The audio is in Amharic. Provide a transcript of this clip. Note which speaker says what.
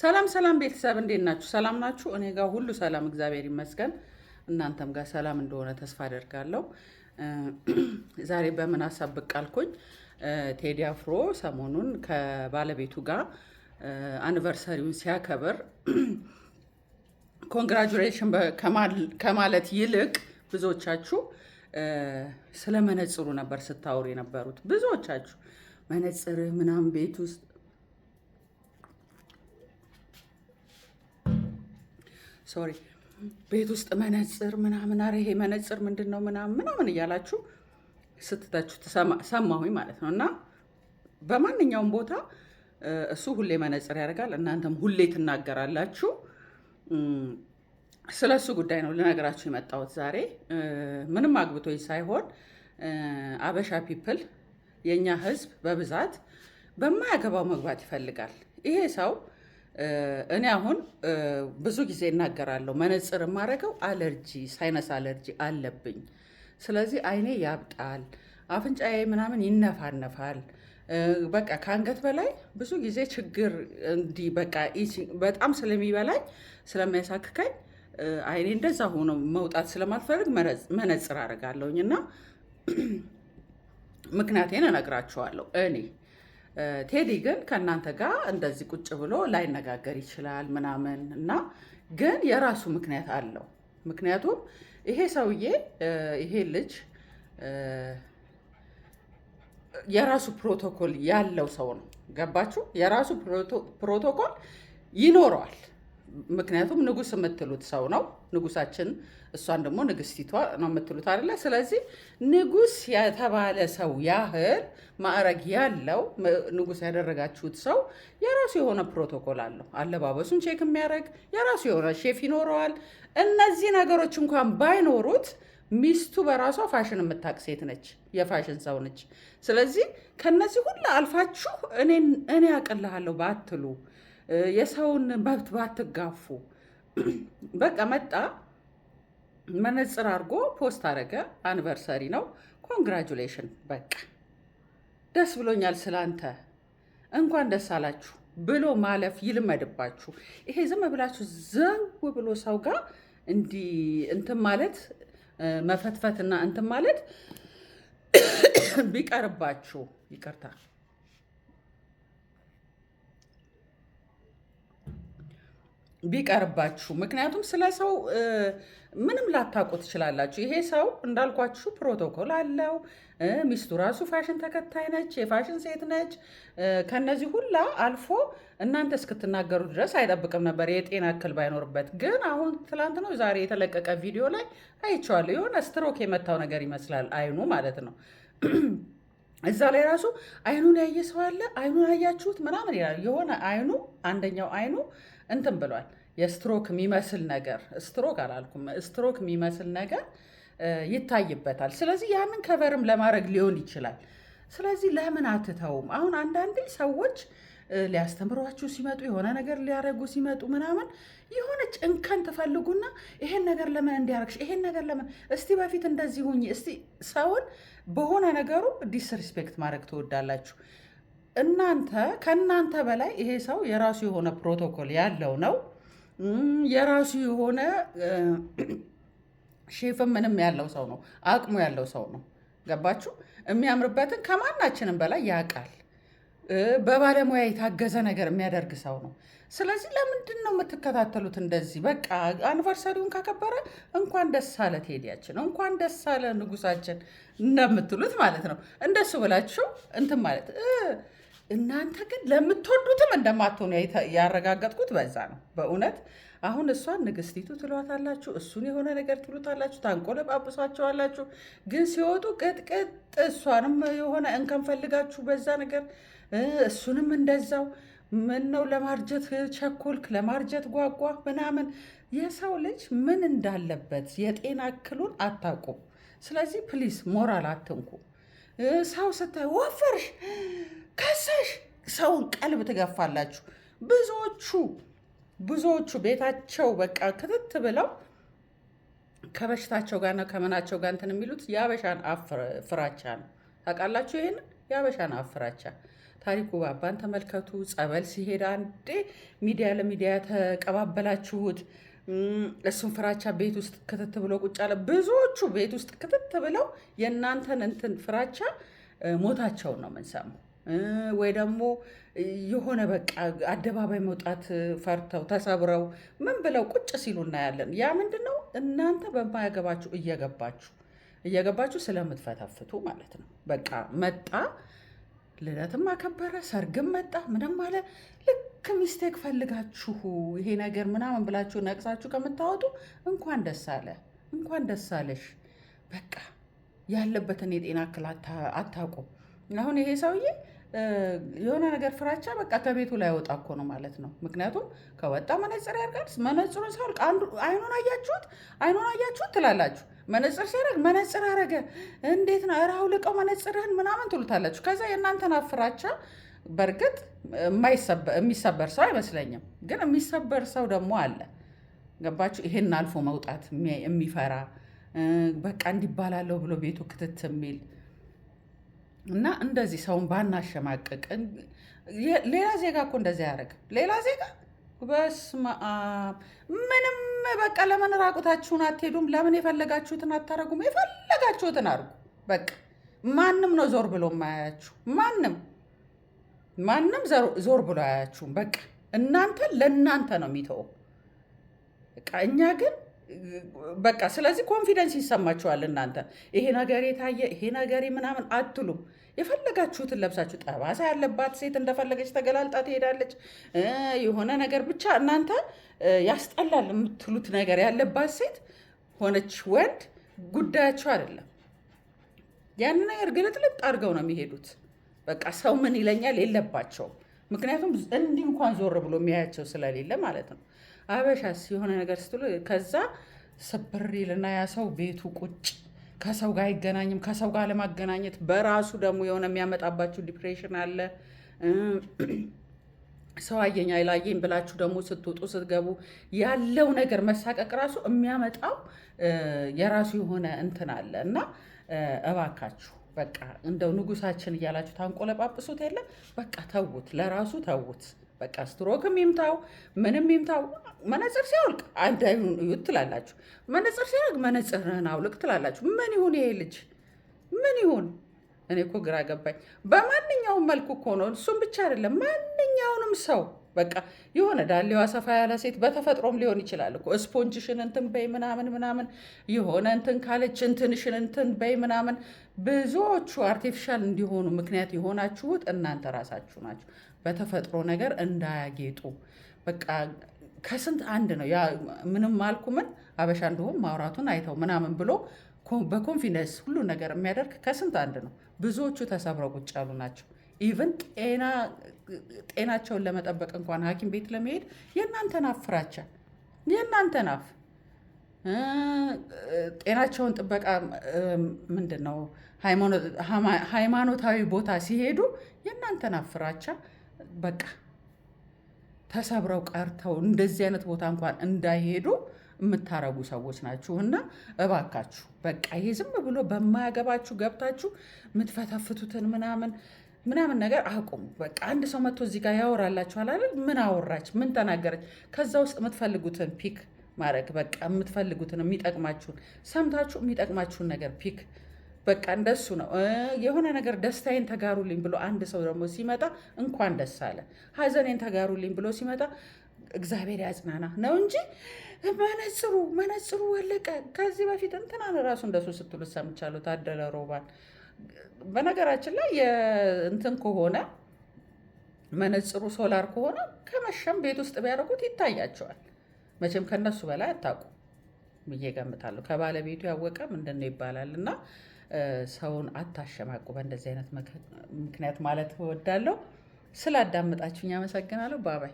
Speaker 1: ሰላም ሰላም ቤተሰብ እንዴት ናችሁ? ሰላም ናችሁ? እኔ ጋር ሁሉ ሰላም እግዚአብሔር ይመስገን። እናንተም ጋር ሰላም እንደሆነ ተስፋ አደርጋለሁ። ዛሬ በምን ሀሳብ ብቅ አልኩኝ? ቴዲ አፍሮ ሰሞኑን ከባለቤቱ ጋር አኒቨርሰሪውን ሲያከብር ኮንግራጁሌሽን ከማለት ይልቅ ብዙዎቻችሁ ስለ መነጽሩ ነበር ስታወሩ የነበሩት። ብዙዎቻችሁ መነጽርህ ምናምን ቤት ውስጥ ሶሪ ቤት ውስጥ መነጽር ምናምን፣ አረ ይሄ መነጽር ምንድን ነው ምናምን ምናምን እያላችሁ ስትተቹ ሰማሁኝ ማለት ነው። እና በማንኛውም ቦታ እሱ ሁሌ መነጽር ያደርጋል፣ እናንተም ሁሌ ትናገራላችሁ። ስለ እሱ ጉዳይ ነው ልነግራችሁ የመጣሁት ዛሬ። ምንም አግብቶኝ ሳይሆን አበሻ ፒፕል የእኛ ህዝብ በብዛት በማያገባው መግባት ይፈልጋል። ይሄ ሰው እኔ አሁን ብዙ ጊዜ እናገራለሁ፣ መነጽር የማደርገው አለርጂ ሳይነስ አለርጂ አለብኝ። ስለዚህ አይኔ ያብጣል፣ አፍንጫዬ ምናምን ይነፋነፋል። በቃ ከአንገት በላይ ብዙ ጊዜ ችግር እንዲህ በቃ በጣም ስለሚበላኝ ስለሚያሳክከኝ አይኔ እንደዛ ሆኖ መውጣት ስለማልፈልግ መነጽር አደርጋለሁኝ እና ምክንያቴን እነግራችኋለሁ እኔ ቴዲ ግን ከእናንተ ጋር እንደዚህ ቁጭ ብሎ ላይነጋገር ይችላል ምናምን እና ግን የራሱ ምክንያት አለው። ምክንያቱም ይሄ ሰውዬ ይሄ ልጅ የራሱ ፕሮቶኮል ያለው ሰው ነው። ገባችሁ? የራሱ ፕሮቶኮል ይኖረዋል። ምክንያቱም ንጉስ የምትሉት ሰው ነው። ንጉሳችን፣ እሷን ደግሞ ንግስቲቷ ነው የምትሉት አይደለ? ስለዚህ ንጉስ የተባለ ሰው ያህል ማዕረግ ያለው ንጉስ ያደረጋችሁት ሰው የራሱ የሆነ ፕሮቶኮል አለው። አለባበሱን ቼክ የሚያደርግ የራሱ የሆነ ሼፍ ይኖረዋል። እነዚህ ነገሮች እንኳን ባይኖሩት ሚስቱ በራሷ ፋሽን የምታቅ ሴት ነች፣ የፋሽን ሰው ነች። ስለዚህ ከነዚህ ሁሉ አልፋችሁ እኔ አቅልሃለሁ ባትሉ የሰውን መብት ባትጋፉ በቃ መጣ መነጽር አድርጎ ፖስት አረገ። አኒቨርሰሪ ነው። ኮንግራጁሌሽን በቃ ደስ ብሎኛል ስላንተ እንኳን ደስ አላችሁ ብሎ ማለፍ ይልመድባችሁ። ይሄ ዝም ብላችሁ ዘው ብሎ ሰው ጋር እንዲህ እንትን ማለት መፈትፈትና እንትን ማለት ቢቀርባችሁ ይቅርታ ቢቀርባችሁ ምክንያቱም ስለ ሰው ምንም ላታውቁ ትችላላችሁ። ይሄ ሰው እንዳልኳችሁ ፕሮቶኮል አለው። ሚስቱ ራሱ ፋሽን ተከታይ ነች፣ የፋሽን ሴት ነች። ከነዚህ ሁላ አልፎ እናንተ እስክትናገሩ ድረስ አይጠብቅም ነበር የጤና እክል ባይኖርበት። ግን አሁን ትላንት ነው ዛሬ የተለቀቀ ቪዲዮ ላይ አይቼዋለሁ። የሆነ ስትሮክ የመታው ነገር ይመስላል አይኑ ማለት ነው። እዛ ላይ ራሱ አይኑን ያየ ሰው አለ። አይኑን አያችሁት ምናምን ይላል። የሆነ አይኑ አንደኛው አይኑ እንትን ብሏል። የስትሮክ የሚመስል ነገር ስትሮክ አላልኩም፣ ስትሮክ የሚመስል ነገር ይታይበታል። ስለዚህ ያንን ከቨርም ለማድረግ ሊሆን ይችላል። ስለዚህ ለምን አትተውም? አሁን አንዳንዴ ሰዎች ሊያስተምሯችሁ ሲመጡ የሆነ ነገር ሊያደርጉ ሲመጡ ምናምን የሆነ ጭንከን ትፈልጉና ይሄን ነገር ለምን እንዲያረግሽ፣ ይሄን ነገር ለምን እስቲ በፊት እንደዚህ ሁኝ፣ እስቲ ሰውን በሆነ ነገሩ ዲስሪስፔክት ማድረግ ትወዳላችሁ። እናንተ ከእናንተ በላይ ይሄ ሰው የራሱ የሆነ ፕሮቶኮል ያለው ነው። የራሱ የሆነ ሼፍም ምንም ያለው ሰው ነው። አቅሙ ያለው ሰው ነው። ገባችሁ? የሚያምርበትን ከማናችንም በላይ ያውቃል። በባለሙያ የታገዘ ነገር የሚያደርግ ሰው ነው። ስለዚህ ለምንድን ነው የምትከታተሉት? እንደዚህ በቃ አኒቨርሰሪውን ካከበረ እንኳን ደስ አለ ቴዲያችን፣ እንኳን ደስ አለ ንጉሳችን እንደምትሉት ማለት ነው። እንደሱ ብላችሁ እንትን ማለት እናንተ ግን ለምትወዱትም እንደማትሆኑ ያረጋገጥኩት በዛ ነው። በእውነት አሁን እሷን ንግስቲቱ ትሏታላችሁ፣ እሱን የሆነ ነገር ትሉታላችሁ፣ ታንቆለጳጵሷቸዋላችሁ። ግን ሲወጡ ቅጥቅጥ እሷንም የሆነ እንከን ፈልጋችሁ በዛ ነገር እሱንም እንደዛው ምን ነው ለማርጀት ቸኮልክ፣ ለማርጀት ጓጓ ምናምን። የሰው ልጅ ምን እንዳለበት የጤና እክሉን አታውቁም። ስለዚህ ፕሊስ ሞራል አትንኩ። ሰው ስታይ ወፈርሽ ከሳሽ ሰውን ቀልብ ትገፋላችሁ። ብዙዎቹ ብዙዎቹ ቤታቸው በቃ ክትት ብለው ከበሽታቸው ጋር ነው ከምናቸው ጋር እንትን የሚሉት የአበሻን ፍራቻ ነው። ታውቃላችሁ ይህን የአበሻን አፍራቻ ታሪኩ ባባን ተመልከቱ። ጸበል ሲሄድ አንዴ ሚዲያ ለሚዲያ ተቀባበላችሁት። እሱን ፍራቻ ቤት ውስጥ ክትት ብሎ ቁጭ አለ። ብዙዎቹ ቤት ውስጥ ክትት ብለው የእናንተን እንትን ፍራቻ ሞታቸውን ነው የምንሰማው። ወይ ደግሞ የሆነ በቃ አደባባይ መውጣት ፈርተው ተሰብረው ምን ብለው ቁጭ ሲሉ እናያለን። ያ ምንድን ነው? እናንተ በማያገባችሁ እየገባችሁ እየገባችሁ ስለምትፈታፍቱ ማለት ነው። በቃ መጣ፣ ልደትም አከበረ፣ ሰርግም መጣ፣ ምንም አለ። ልክ ሚስቴክ ፈልጋችሁ ይሄ ነገር ምናምን ብላችሁ ነቅሳችሁ ከምታወጡ እንኳን ደስ አለ እንኳን ደስ አለሽ። በቃ ያለበትን የጤና እክል አታውቁም። አሁን ይሄ ሰውዬ የሆነ ነገር ፍራቻ በቃ ከቤቱ ላይ ወጣ እኮ ነው ማለት ነው። ምክንያቱም ከወጣ መነፅር ያርጋል። መነፅሩን ሲያወልቅ አይኑን አያችሁት፣ አይኑን አያችሁት ትላላችሁ። መነፅር ሲያደርግ መነፅር አረገ እንዴት ነው ራሁ ልቀው መነፅርህን ምናምን ትሉታላችሁ። ከዛ የእናንተን ፍራቻ በእርግጥ የሚሰበር ሰው አይመስለኝም፣ ግን የሚሰበር ሰው ደግሞ አለ። ገባችሁ? ይሄን አልፎ መውጣት የሚፈራ በቃ እንዲባላለሁ ብሎ ቤቱ ክትት የሚል እና እንደዚህ ሰውን ባናሸማቀቅ ሌላ ዜጋ እኮ እንደዚህ ያደረግ ሌላ ዜጋ በስመ አብ ምንም በቃ ለምን ራቁታችሁን አትሄዱም? ለምን የፈለጋችሁትን አታረጉም? የፈለጋችሁትን አርጉ። በቃ ማንም ነው ዞር ብሎ ማያችሁ። ማንም ማንም ዞር ብሎ አያችሁም። በቃ እናንተ ለእናንተ ነው የሚተው። በቃ እኛ ግን በቃ ስለዚህ ኮንፊደንስ ይሰማችኋል። እናንተ ይሄ ነገር የታየ ይሄ ነገር ምናምን አትሉም። የፈለጋችሁትን ለብሳችሁ ጠባሳ ያለባት ሴት እንደፈለገች ተገላልጣ ትሄዳለች። የሆነ ነገር ብቻ እናንተ ያስጠላል የምትሉት ነገር ያለባት ሴት ሆነች ወንድ ጉዳያቸው አይደለም። ያን ነገር ግልጥልጥ አድርገው ነው የሚሄዱት። በቃ ሰው ምን ይለኛል የለባቸውም። ምክንያቱም እንዲህ እንኳን ዞር ብሎ የሚያያቸው ስለሌለ ማለት ነው። አበሻስ የሆነ ነገር ስትሉ ከዛ ስብር ይልና ያ ሰው ቤቱ ቁጭ ከሰው ጋር አይገናኝም። ከሰው ጋር ለማገናኘት በራሱ ደግሞ የሆነ የሚያመጣባችሁ ዲፕሬሽን አለ። ሰው አየኝ አይላየኝ ብላችሁ ደግሞ ስትወጡ ስትገቡ ያለው ነገር መሳቀቅ ራሱ የሚያመጣው የራሱ የሆነ እንትን አለ እና እባካችሁ በቃ እንደው ንጉሳችን እያላችሁ ታንቆለጳጵሱት የለም በቃ ተዉት፣ ለራሱ ተዉት። በቃ ስትሮክም ይምታው ምንም ይምታው መነጽር ሲያውልቅ አይኑ እዩት ትላላችሁ። መነጽር ሲያወልቅ መነጽርህን አውልቅ ትላላችሁ። ምን ይሁን ይሄ ልጅ ምን ይሁን? እኔ እኮ ግራ ገባኝ። በማንኛውም መልኩ እኮ ነው። እሱም ብቻ አይደለም ማንኛውንም ሰው በቃ የሆነ ዳሌዋ ሰፋ ያለ ሴት በተፈጥሮም ሊሆን ይችላል እኮ ስፖንጅሽን እንትን በይ ምናምን ምናምን የሆነ እንትን ካለች እንትንሽን እንትን በይ ምናምን። ብዙዎቹ አርቲፊሻል እንዲሆኑ ምክንያት የሆናችሁት እናንተ ራሳችሁ ናችሁ። በተፈጥሮ ነገር እንዳያጌጡ በቃ ከስንት አንድ ነው። ያ ምንም አልኩ ምን አበሻ እንደሆን ማውራቱን አይተው ምናምን ብሎ በኮንፊደንስ ሁሉ ነገር የሚያደርግ ከስንት አንድ ነው። ብዙዎቹ ተሰብረው ቁጭ ያሉ ናቸው። ኢቨን ጤናቸውን ለመጠበቅ እንኳን ሐኪም ቤት ለመሄድ የእናንተን አፍ ፍራቻ የእናንተን አፍ ጤናቸውን ጥበቃ ምንድን ነው ሃይማኖታዊ ቦታ ሲሄዱ የእናንተን አፍ ፍራቻ በቃ ተሰብረው ቀርተው እንደዚህ አይነት ቦታ እንኳን እንዳይሄዱ የምታረጉ ሰዎች ናችሁ እና እባካችሁ በቃ ይሄ ዝም ብሎ በማያገባችሁ ገብታችሁ የምትፈተፍቱትን ምናምን ምናምን ነገር አቁሙ። በቃ አንድ ሰው መጥቶ እዚህ ጋር ያወራላችኋል አይደል? ምን አወራች? ምን ተናገረች? ከዛ ውስጥ የምትፈልጉትን ፒክ ማድረግ በቃ የምትፈልጉትን የሚጠቅማችሁን ሰምታችሁ የሚጠቅማችሁን ነገር ፒክ በቃ እንደሱ ነው። የሆነ ነገር ደስታዬን ተጋሩልኝ ብሎ አንድ ሰው ደግሞ ሲመጣ እንኳን ደስ አለ። ሀዘኔን ተጋሩልኝ ብሎ ሲመጣ እግዚአብሔር ያጽናና ነው እንጂ መነጽሩ መነጽሩ ወለቀ። ከዚህ በፊት እንትናን ራሱ እንደሱ ስትሉ ሰምቻለሁ። ታደለ ሮባን በነገራችን ላይ የእንትን ከሆነ መነጽሩ ሶላር ከሆነ ከመሸም ቤት ውስጥ ቢያደርጉት ይታያቸዋል። መቼም ከነሱ በላይ አታውቁ ብዬ ገምታለሁ። ከባለቤቱ ያወቀ ምንድን ነው ይባላል እና ሰውን አታሸማቁ። በእንደዚህ አይነት ምክንያት ማለት እወዳለሁ። ስላዳመጣችሁኝ አመሰግናለሁ። ባባይ